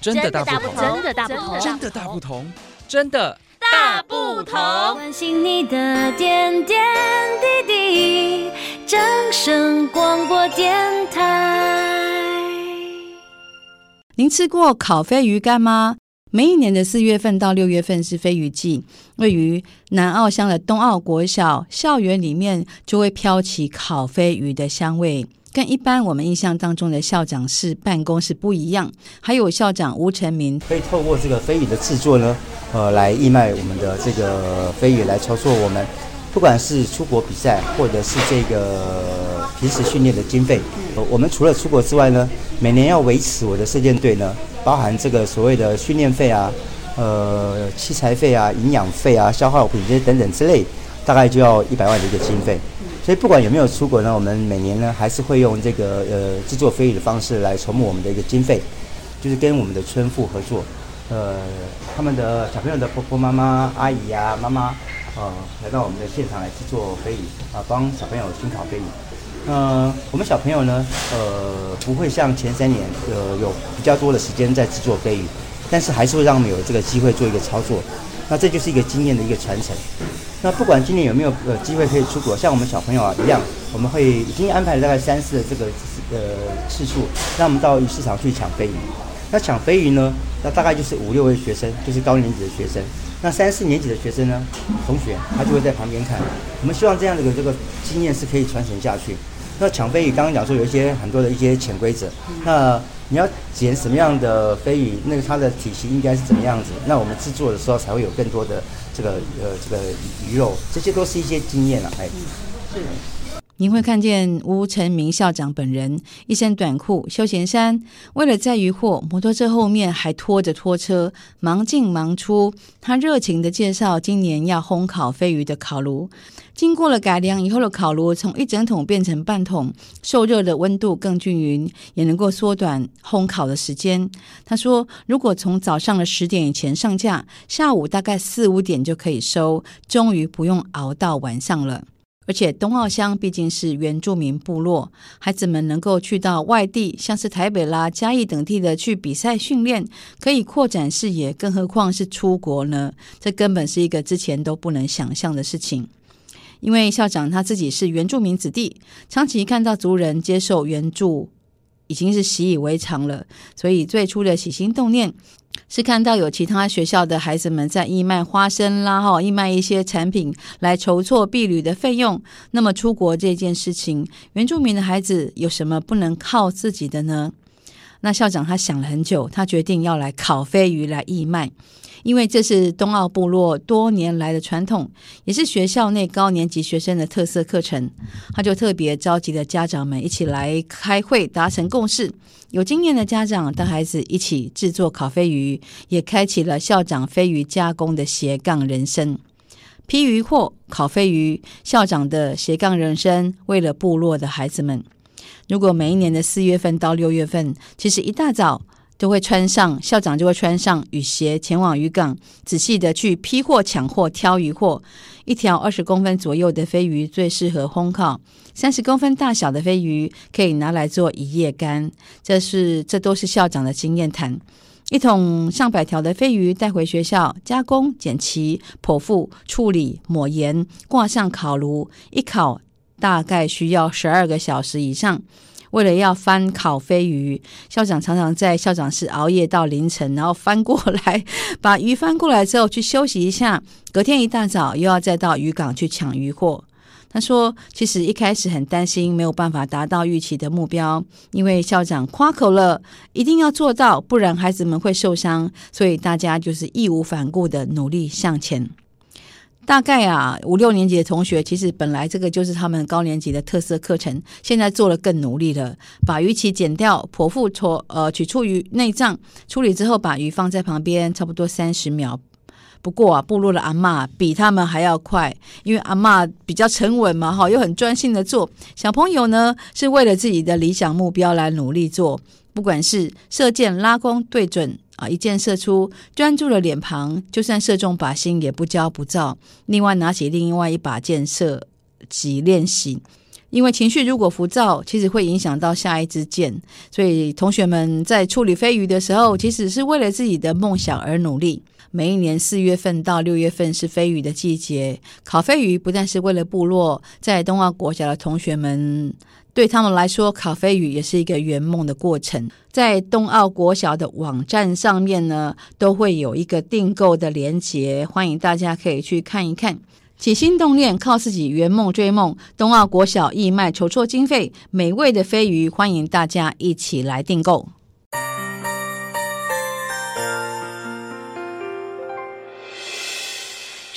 真的大不同，真的大不同，真的大不同，真的大不同。關心你的點點滴滴，掌聲廣播電台。您吃過烤飛魚乾嗎？每一年的四月份到六月份是飛魚季，位於南澳鄉的東澳國小校園裡面，就會飄起烤飛魚的香味。跟一般我們印象當中的校長室辦公室不一樣。還有校長鄔誠民，可以透過這個飛魚的制作呢，呃，來義賣我們的這個飛魚來籌措，我們不管是出國比賽，或者是這個平時訓練的經費，呃，我們除了出國之外呢，每年要維持我的射箭隊呢。包含這個所謂的訓練費啊，呃，器材費啊，營養費啊，消耗品這些等等之類，大概就要一百萬的一個經費。所以不管有沒有出國呢，我們每年呢還是會用這個呃制作飛魚的方式來籌募我們的一個經費，就是跟我們的村婦合作，呃，他們的小朋友的婆婆、媽媽、阿姨啊、媽媽，呃，來到我們的現場來制作飛魚啊，幫小朋友燻烤飛魚。呃，我們小朋友呢，呃，不會像前三年，呃，有比較多的時間在制作飛魚，但是還是會讓我們有這個機會做一個操作。那這就是一個經驗的一個傳承。那不管今年有沒有呃機會可以出國，像我們小朋友啊一樣，我們會已經安排了大概三四的這個呃次數，讓我們到魚市場去搶飛魚。那搶飛魚呢，那大概就是五六位學生，就是高年級的學生。那三四年級的學生呢，同學他就會在旁邊看。我們希望這樣子的這個經驗是可以傳承下去。那搶飛魚剛剛講說有一些很多的一些潛規則。那你要撿什麼樣的飛魚？那個它的體型應該是怎麼樣子？那我們制作的時候才會有更多的這個呃這個魚肉，這些都是一些經驗了、啊。哎、欸，您會看見鄔誠民校長本人一身短褲、休閒衫，為了載魚貨，摩托車後面還拖着拖車，忙進忙出。他熱情地介紹今年要烘烤飛魚的烤爐，經過了改良以後的烤爐，從一整桶變成半桶，受熱的溫度更均勻，也能夠縮短烘烤的時間。他說，如果從早上的十點以前上架，下午大概四五點就可以收，終於不用熬到晚上了。而且，東澳鄉畢竟是原住民部落，孩子們能夠去到外地，像是台北啦、嘉義等地的去比賽訓練，可以擴展視野。更何況是出國呢？這根本是一個之前都不能想象的事情。因為校長他自己是原住民子弟，長期看到族人接受援助，已經是習以為常了，所以最初的起心動念。是看到有其他學校的孩子們在義賣花生啦，哈，義賣一些產品來籌措畢旅的費用。那麼出國這件事情，原住民的孩子有什麼不能靠自己的呢？那校長他想了很久，他決定要來烤飛魚來義賣，因為這是東澳部落多年來的傳統，也是學校內高年級學生的特色課程。他就特別召集了家長們一起來開會，達成共識。有經驗的家長帶孩子一起制作烤飛魚，也開啟了校長飛魚加工的斜槓人生。批魚或烤飛魚，校長的斜槓人生，為了部落的孩子們。如果每一年的四月份到六月份，其實一大早都會穿上，校長就會穿上雨鞋前往漁港，仔細的去批貨、搶貨、挑魚貨。一條二十公分左右的飛魚最適合烘烤，三十公分大小的飛魚可以拿來做一夜干。這是，這都是校長的經驗談。一桶上百條的飛魚帶回學校，加工、剪鰭、剖腹、處理、抹鹽、掛上烤爐，一烤。大概需要十二個小時以上。為了要翻烤飛魚，校長常常在校長室熬夜到凌晨，然後翻過來，把魚翻過來之後去休息一下。隔天一大早又要再到漁港去搶魚貨。他說：“其實一開始很擔心沒有辦法達到預期的目標，因為校長誇口了，一定要做到，不然孩子們會受傷。所以大家就是義無反顧的努力向前。”大概啊，五六年級的同學，其實本來這個就是他們高年級的特色課程。現在做得更努力了，把魚鰭剪掉，剖腹呃取出魚內臟，處理之後把魚放在旁邊，差不多三十秒。不過啊，部落的阿嬤比他們還要快，因為阿嬤比較沉穩嘛，哈，又很專心的做。小朋友呢，是為了自己的理想目標來努力做，不管是射箭、拉弓、對準。啊！一箭射出，專注的臉龐，就算射中靶心也不驕不躁。另外拿起另外一把箭射擊練習。因為情緒如果浮躁，其實會影響到下一支箭。所以同學們在處理飛魚的時候，其實是為了自己的夢想而努力。每一年四月份到六月份是飛魚的季節，烤飛魚不但是為了部落，在東澳國小的同學們對他們來說，烤飛魚也是一個圓夢的過程。在東澳國小的網站上面呢，都會有一個訂購的連結，歡迎大家可以去看一看。起心動念靠自己圓夢追夢，東澳國小義賣籌措經費，美味的飛魚，歡迎大家一起來訂購。